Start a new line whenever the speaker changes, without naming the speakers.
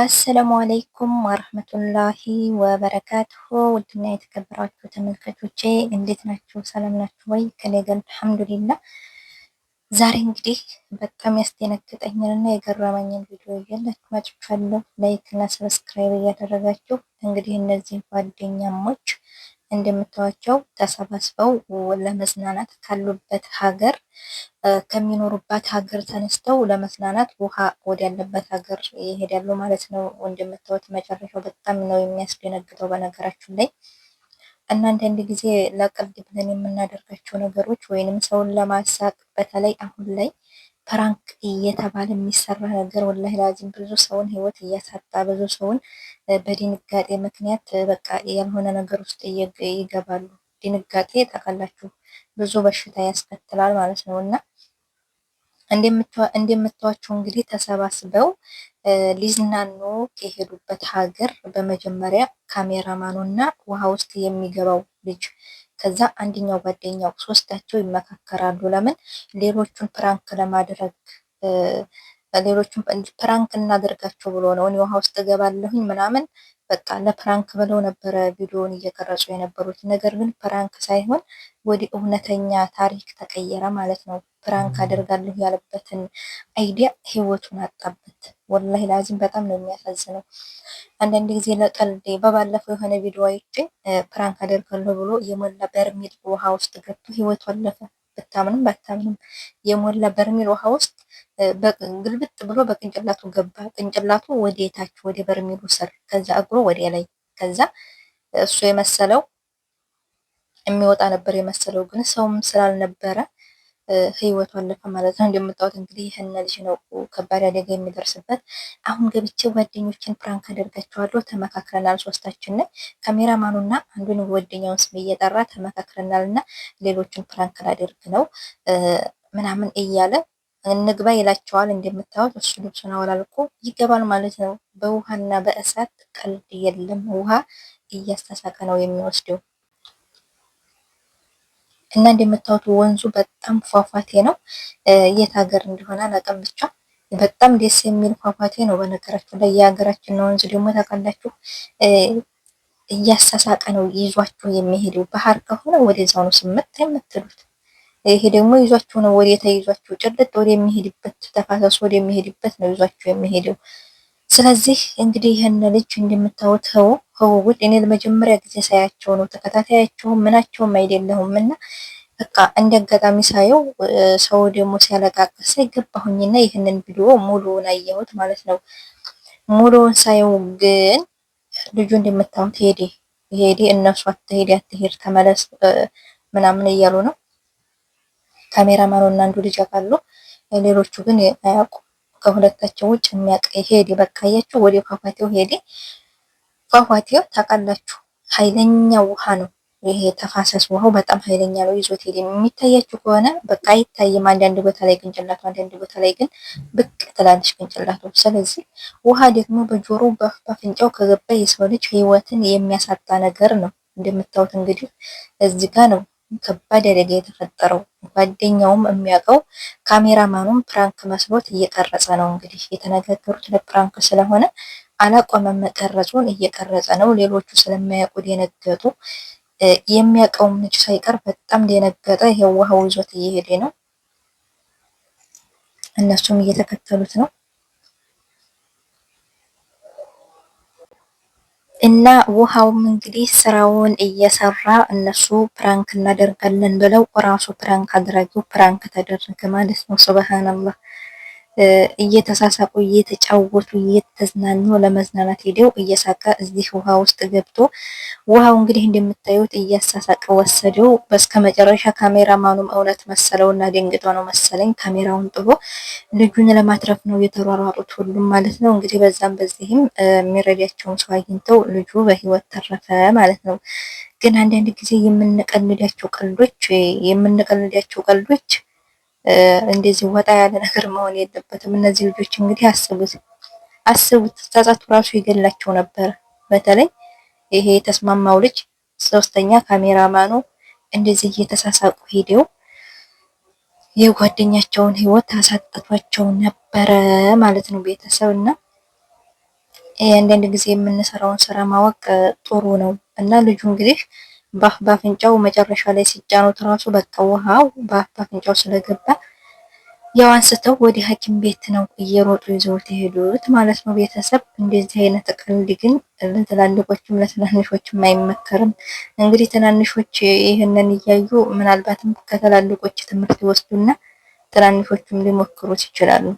አሰላሙ አለይኩም ወረህመቱላሂ ወበረካቱሁ ውድና የተከበራችሁ ተመልካቾቼ እንዴት ናችሁ? ሰላም ናችሁ ወይ? ከነገ አልሐምዱሊላ። ዛሬ እንግዲህ በጣም ያስደነግጠኝንና የገረመኝን ቪዲዮ እያላችሁ መጥቻለሁ። ላይክ ሰብስክራይብ እያደረጋችሁ እንግዲህ እነዚህ ጓደኛሞች እንደምታዩቸው ተሰባስበው ለመዝናናት ካሉበት ሀገር ከሚኖሩበት ሀገር ተነስተው ለመዝናናት ውሃ ወዳለበት ሀገር ይሄዳሉ ማለት ነው። እንደምታዩት መጨረሻው በጣም ነው የሚያስደነግጠው በነገራችን ላይ እና አንዳንድ ጊዜ ለቀልድ ብለን የምናደርጋቸው ነገሮች ወይንም ሰውን ለማሳቅ በተለይ አሁን ላይ ፕራንክ እየተባለ የሚሰራ ነገር ወላሂ ላዚም ብዙ ሰውን ህይወት እያሳጣ ብዙ ሰውን በድንጋጤ ምክንያት በቃ ያልሆነ ነገር ውስጥ ይገባሉ። ድንጋጤ ታውቃላችሁ ብዙ በሽታ ያስከትላል ማለት ነው እና እንደምታዋቸው እንግዲህ ተሰባስበው ሊዝናኑ የሄዱበት ሀገር በመጀመሪያ ካሜራማኑ እና ውሃ ውስጥ የሚገባው ልጅ ከዛ አንደኛው ጓደኛው ሶስታቸው ይመካከራሉ። ለምን ሌሎቹን ፕራንክ ለማድረግ ሌሎቹን ፕራንክ እናደርጋቸው ብሎ ነው እኔ ውሃ ውስጥ እገባለሁኝ ምናምን በቃ ለፕራንክ ብለው ነበረ ቪዲዮውን እየቀረጹ የነበሩት። ነገር ግን ፕራንክ ሳይሆን ወደ እውነተኛ ታሪክ ተቀየረ ማለት ነው። ፕራንክ አደርጋለሁ ያለበትን አይዲያ ህይወቱን አጣበት። ወላሂ ላዚም በጣም ነው የሚያሳዝነው። አንዳንድ ጊዜ ለቀልድ በባለፈው የሆነ ቪዲዮ አይቼ ፕራንክ አደርጋለሁ ብሎ የሞላ በርሜል ውሃ ውስጥ ገብቶ ህይወቱ አለፈ። ብታምንም ባታምንም የሞላ በርሜል ውሃ ውስጥ ግልብጥ ብሎ በቅንጭላቱ ገባ። ቅንጭላቱ ወደ የታች ወደ በርሜሉ ስር፣ ከዛ እግሮ ወደ ላይ፣ ከዛ እሱ የመሰለው የሚወጣ ነበር የመሰለው ግን ሰውም ስላልነበረ ህይወቱ አለፈ ማለት ነው። እንደምታዩት እንግዲህ ይህን ልጅ ነው ከባድ አደጋ የሚደርስበት። አሁን ገብቼ ጓደኞችን ፕራንክ አደርጋቸዋለሁ። ተመካክረናል፣ ሶስታችን ነን። ካሜራማኑና አንዱን ጓደኛውን ስም እየጠራ ተመካክረናል እና ሌሎችን ፕራንክ ላደርግ ነው ምናምን እያለ እንግባ ይላቸዋል። እንደምታወት እሱ ልብሱን አወላልቆ ይገባል ማለት ነው። በውሃና በእሳት ቀልድ የለም። ውሃ እያስተሳቀ ነው የሚወስደው። እና እንደምታዩት ወንዙ በጣም ፏፏቴ ነው። የት ሀገር እንደሆነ አላውቅም፣ ብቻ በጣም ደስ የሚል ፏፏቴ ነው። በነገራችን ላይ የሀገራችን ወንዝ ደግሞ ታውቃላችሁ እያሳሳቀ ነው ይዟችሁ የሚሄደው። ባህር ከሆነ ወደዛው ነው ስምት የምትሉት። ይሄ ደግሞ ይዟችሁ ነው ወደ ይዟችሁ ጭልጥ ወደ የሚሄድበት ተፋሰሱ ወደ የሚሄድበት ነው ይዟችሁ የሚሄደው። ስለዚህ እንግዲህ ይህን ልጅ እንደምታወተው ከውውጥ እኔ ለመጀመሪያ ጊዜ ሳያቸው ነው። ተከታታያቸውም ምናቸውም አይደለሁም እና በቃ እንደ አጋጣሚ ሳየው ሰው ደግሞ ሲያለቃቅስ ይገባሁኝና ይህንን ቪዲዮ ሙሉውን አየሁት ማለት ነው። ሙሉውን ሳየው ግን ልጁ እንደምታዩት ሄዴ ሄዴ እነሱ አትሄድ አትሄድ ተመለስ ምናምን እያሉ ነው። ካሜራማኑ እና አንዱ ልጅ አውቃሉ፣ ሌሎቹ ግን አያውቁ ከሁለታቸው ውጭ የሚያውቅ ሄዴ በቃ አያችሁ፣ ወደ ፏፏቴው ሄዴ ፏፏቴው ታውቃላችሁ፣ ኃይለኛ ውሃ ነው። ይሄ ተፋሰስ ውሃው በጣም ኃይለኛ ነው። ይዞት ሄድ የሚታያችሁ ከሆነ በቃ አይታይም። አንዳንድ ቦታ ላይ ቅንጭላቱ፣ አንዳንድ ቦታ ላይ ግን ብቅ ትላለች ቅንጭላቱ። ስለዚህ ውሃ ደግሞ በጆሮ በአፍንጫው ከገባ የሰው ልጅ ህይወትን የሚያሳጣ ነገር ነው። እንደምታዩት እንግዲህ እዚህ ጋር ነው ከባድ አደጋ የተፈጠረው። ጓደኛውም የሚያውቀው ካሜራማኑም ፕራንክ መስሎት እየቀረጸ ነው። እንግዲህ የተነጋገሩት ለፕራንክ ስለሆነ አላቆመም መቀረጹን፣ እየቀረጸ ነው። ሌሎቹ ስለማያውቁ ደነገጡ። የሚያውቀውም ልጅ ሳይቀር በጣም ደነገጠ። የውሃው ይዞት እየሄደ ነው። እነሱም እየተከተሉት ነው። እና ውሃውም እንግዲህ ስራውን እየሰራ እነሱ ፕራንክ እናደርጋለን ብለው ራሱ ፕራንክ አድራጊው ፕራንክ ተደረገ ማለት ነው። ሱብሃንአላህ። እየተሳሳቁ እየተጫወቱ እየተዝናኑ ለመዝናናት ሄደው እየሳቀ እዚህ ውሃ ውስጥ ገብቶ ውሃው እንግዲህ እንደምታዩት እያሳሳቀ ወሰደው። በስከ መጨረሻ ካሜራማኑም እውነት መሰለው እና ደንግጦ ነው መሰለኝ ካሜራውን ጥሎ ልጁን ለማትረፍ ነው የተሯሯጡት ሁሉም ማለት ነው። እንግዲህ በዛም በዚህም የሚረዳቸውን ሰው አግኝተው ልጁ በህይወት ተረፈ ማለት ነው። ግን አንዳንድ ጊዜ የምንቀልዳቸው ቀልዶች የምንቀልዳቸው ቀልዶች እንደዚህ ወጣ ያለ ነገር መሆን የለበትም። እነዚህ ልጆች እንግዲህ አስቡት አስቡት ጸጸቱ ራሱ ይገላቸው ነበር። በተለይ ይሄ የተስማማው ልጅ ሶስተኛ ካሜራማኑ እንደዚህ እየተሳሳቁ ሄደው የጓደኛቸውን ህይወት አሳጥቷቸው ነበረ ማለት ነው። ቤተሰብ እና አንዳንድ ጊዜ የምንሰራውን ስራ ማወቅ ጥሩ ነው እና ልጁ እንግዲህ በአፍንጫው መጨረሻ ላይ ሲጫኑት ራሱ በቃ ውሃው በአፍንጫው ስለገባ ያው አንስተው ወደ ሐኪም ቤት ነው እየሮጡ ይዘውት የሄዱት ማለት ነው። ቤተሰብ እንደዚህ አይነት ቀልድ ግን ለትላልቆችም ለትናንሾችም አይመከርም። እንግዲህ ትናንሾች ይህንን እያዩ ምናልባትም ከተላልቆች ትምህርት ይወስዱና ትናንሾችም ሊሞክሩት ይችላሉ።